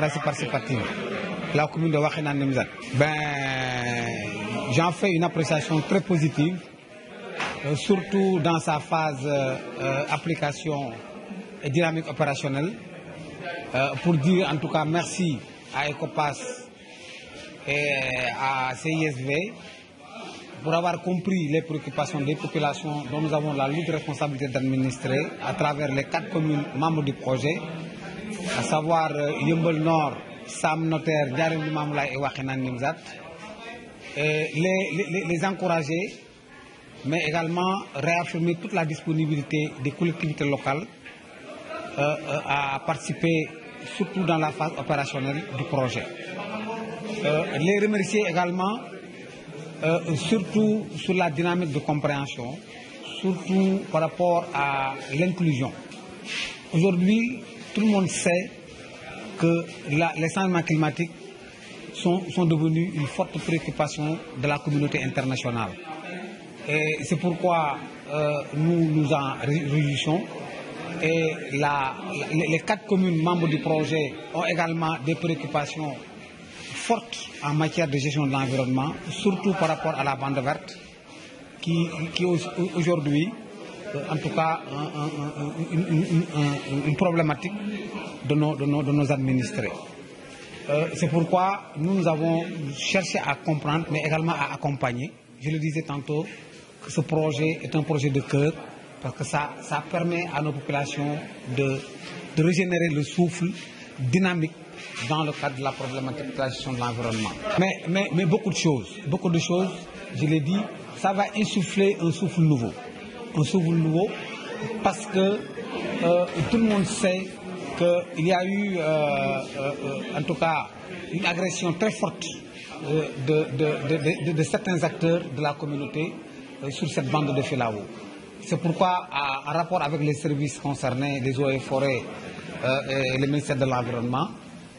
démocratie participative, la commune de Wachinan Nemzat. Ben, j'en fais une appréciation très positive, euh, surtout dans sa phase euh, application et dynamique opérationnelle, euh, pour dire en tout cas merci à ECOPAS et à CISV pour avoir compris les préoccupations des populations dont nous avons la lourde responsabilité d'administrer à travers les quatre communes membres du projet à savoir euh, Yumbel Nord, Sam Notaire, Djarim Limamoulaye et Wakhenan Nimzat, euh, les, encourager, mais également réaffirmer toute la disponibilité des collectivités locales euh, à participer surtout dans la phase opérationnelle du projet. les remercier également, surtout sur la dynamique de compréhension, surtout par rapport à l'inclusion. Aujourd'hui, tout le monde sait que les changements climatiques sont, sont, devenus une forte préoccupation de la communauté internationale. Et c'est pourquoi euh, nous nous en réjouissons. Et les quatre communes membres du projet ont également des préoccupations fortes en matière de gestion de l'environnement, surtout par rapport à la bande verte, qui aujourd'hui euh, en tout cas une, problématique de nos, de nos, administrés. Euh, c'est pourquoi nous, nous avons cherché à comprendre, mais également à accompagner. Je le disais tantôt, que ce projet est un projet de cœur, parce que ça, ça permet à nos populations de, de régénérer le souffle dynamique dans le cadre de la problématique de la gestion de l'environnement. Mais, mais, mais beaucoup de choses, beaucoup de choses, je l'ai dit, ça va insuffler un souffle nouveau souvent nouveau parce que euh, tout le monde sait qu'il y a eu, euh, euh, en tout cas, une agression très forte de, de, certains acteurs de la communauté sur cette bande de Filao. C'est pourquoi, en rapport avec les services concernés, des eaux et forêts et le ministère de l'Environnement,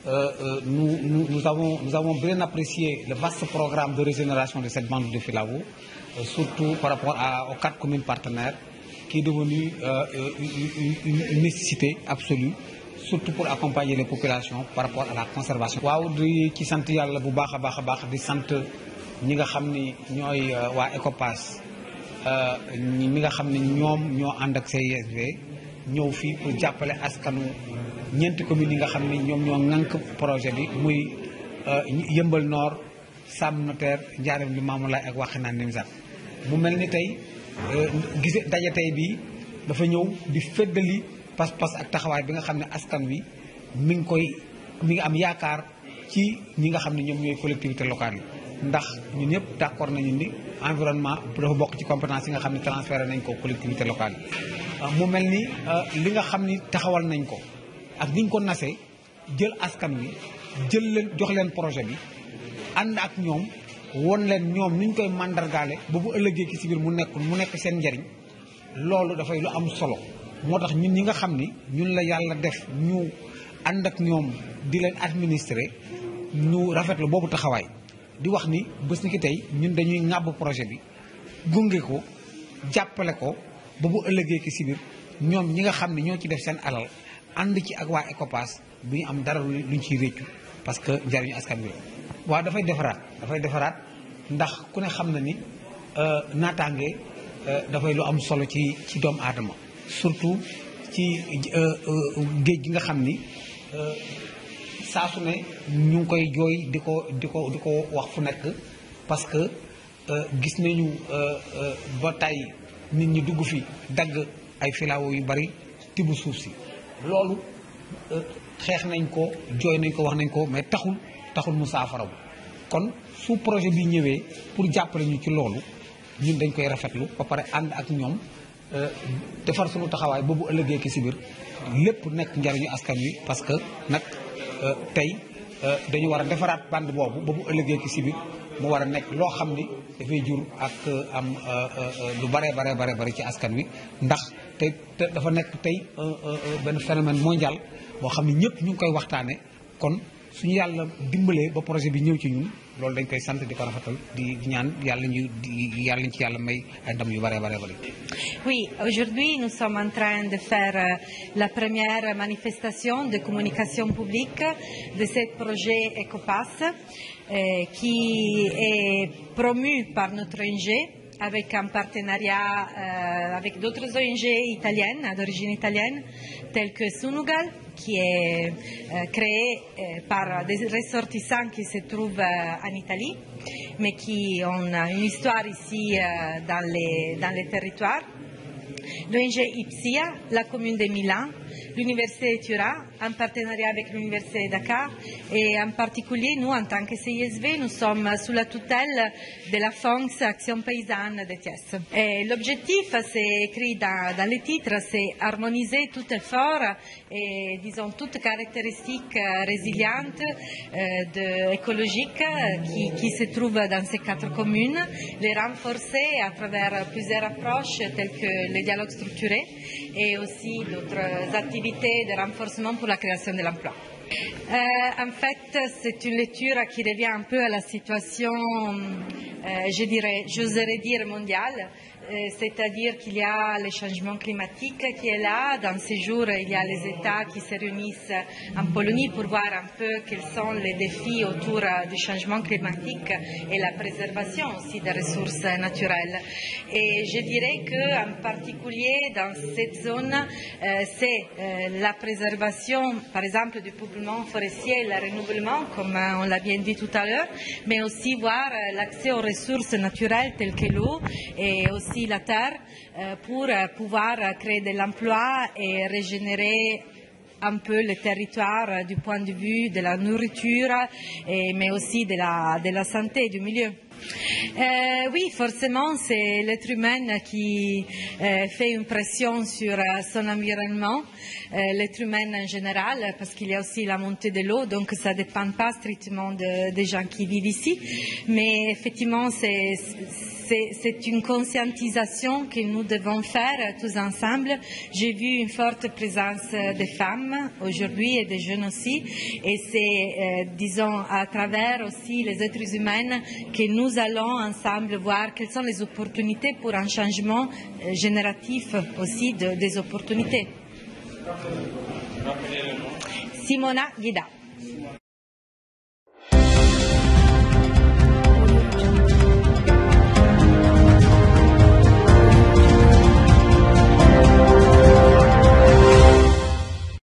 euh, euh, nous, nous, avons, bien apprécié le vaste programme de régénération de cette bande de Filao, euh, surtout par rapport aux quatre communes partenaires, qui est devenu une, nécessité absolue, surtout pour accompagner les populations par rapport à la conservation. ñeenti commune yi nga xam ne ñoom ñoo ŋànk projet bi muy euh, yëmbal nord sam notaire njaareem bi maamu laay ak waxinaan nimsat mu mel ni tey euh, gise daje tey dafa ñëw di feddali pas-pas ak taxawaay bi nga xam ne askan wi mi ngi koy mi ngi am yaakaar ci ñi nga xam ne ñoom ñooy collectivité locale yi ndax ñu ñëpp d' accord nañu ni environnement dafa bokk ci compétence yi nga xam transféré nañ ko collectivité locale euh, mu mel li nga xam taxawal nañ ko ak niñ ko nasee jël askan wi jël leen jox leen projet bi ak ñoom won leen ñoom niñ koy màndargaale ba bu ëllëgee ki si biir mu nekk mu nekk seen njariñ loolu dafay lu am solo moo tax ñun ñi nga xam ni ñun la yàlla def ñu ànd ak ñoom di leen administrer ñu rafetlu boobu taxawaay di wax ni bés ni ki ñun dañuy ŋàbb projet bi gunge ko jàppale ko ba bu ñoom ñi nga ñoo ci def seen alal ànd ci ak waa ECOPAS du ñu am dara luñ ciy réccu parce que njariñu askan bi waaw dafay defaraat dafay defaraat ndax ku ne xam na ni euh, naataange euh, dafay lu am solo ci ci doomu aadama surtout ci euh, géej gi nga xam ni saa su ne ñu ngi koy jooy di ko di ko di ko wax fu nekk parce que gis nañu ba tey nit ñi dugg fi dagg ay filaawo yu bari tibb suuf si loolu euh, xeex nañ ko jooy nañ ko wax nañ ko mais taxul taxul mu saafarawu kon su projet bi ñëwee pour jàppale ñu ci loolu ñun dañ koy rafetlu ba pare ànd ak ñoom euh, defar suñu taxawaay boobu ëllëgee ki si biir lépp nekk njariñu askan wi parce que nag euh, tey dañu war a defaraat band boobu ba bu ëllëgee ki si biir mu war a nekk loo xam ni dafay jur ak am lu baree bare baree bari ci askan wi ndax te un dafa nekk tey euh, euh, euh, benn phénomène mondial boo xam ne ñëpp ñu ngi koy waxtaane kon suñu yàlla dimbalee ba projet bi ñëw ci ñun loolu dañ koy sant di ko rafetal di ñaan yàlla ñu yàlla ñu ci yàlla may ay ndam yu bare bare bare. Oui, aujourd'hui nous sommes en train de faire la première manifestation de communication publique de ce projet EcoPass qui est promu par notre ONG avec un partenariat euh, avec d'autres ONG italiennes, d'origine italienne, telles que Sunugal, qui est euh, créée euh, par des ressortissants qui se trouvent en Italie, mais qui ont une histoire ici dans les, territoires. L'ONG IPSIA, la commune de Milan, l'université de Turin en partenariat avec l'Université de Dakar et en particulier nous, en tant que CISV, nous sommes sous la tutelle de la FONCS Action Paysanne de Thiès. L'objectif, c'est écrit dans, dans les titres, c'est harmoniser tout effort et disons toutes caractéristiques euh, résilientes euh, de, écologiques euh, qui, qui, se trouvent dans ces quatre communes, les renforcer à travers plusieurs approches telles que les dialogues structurés et aussi d'autres activités de renforcement pour la création de l'emploi. Euh, en fait, c'est une lecture qui revient un peu à la situation, euh, je dirais, j'oserais dire mondiale, euh, c'est-à-dire qu'il y a le changement climatique qui est là. Dans ces jours, il y a les États qui se réunissent en Pologne pour voir un peu quels sont les défis autour euh, du changement climatique et la préservation aussi des ressources naturelles. Et je dirais qu'en particulier dans cette zone, euh, c'est la préservation, par exemple, du peuplement forestier le renouvellement, comme on l'a bien dit tout à l'heure, mais aussi voir l'accès aux ressources naturelles telles que l'eau et aussi la terre euh, pour euh, pouvoir euh, créer de l'emploi et régénérer un peu le territoire du point de vue de la nourriture, mais aussi de la, de la santé du milieu. Euh, oui, forcément, c'est l'être humain qui euh, fait une pression sur euh, son environnement, l'être humain en général, parce qu'il y a aussi la montée de l'eau, donc ça ne dépend pas strictement des gens qui vivent ici. Mais effectivement, c'est c'est une conscientisation que nous devons faire tous ensemble. J'ai vu une forte présence des femmes aujourd'hui et des jeunes aussi. Et c'est, disons, à travers aussi les êtres humains que nous nous allons ensemble voir quelles sont les opportunités pour un changement euh, génératif aussi des opportunités. Simona Guida.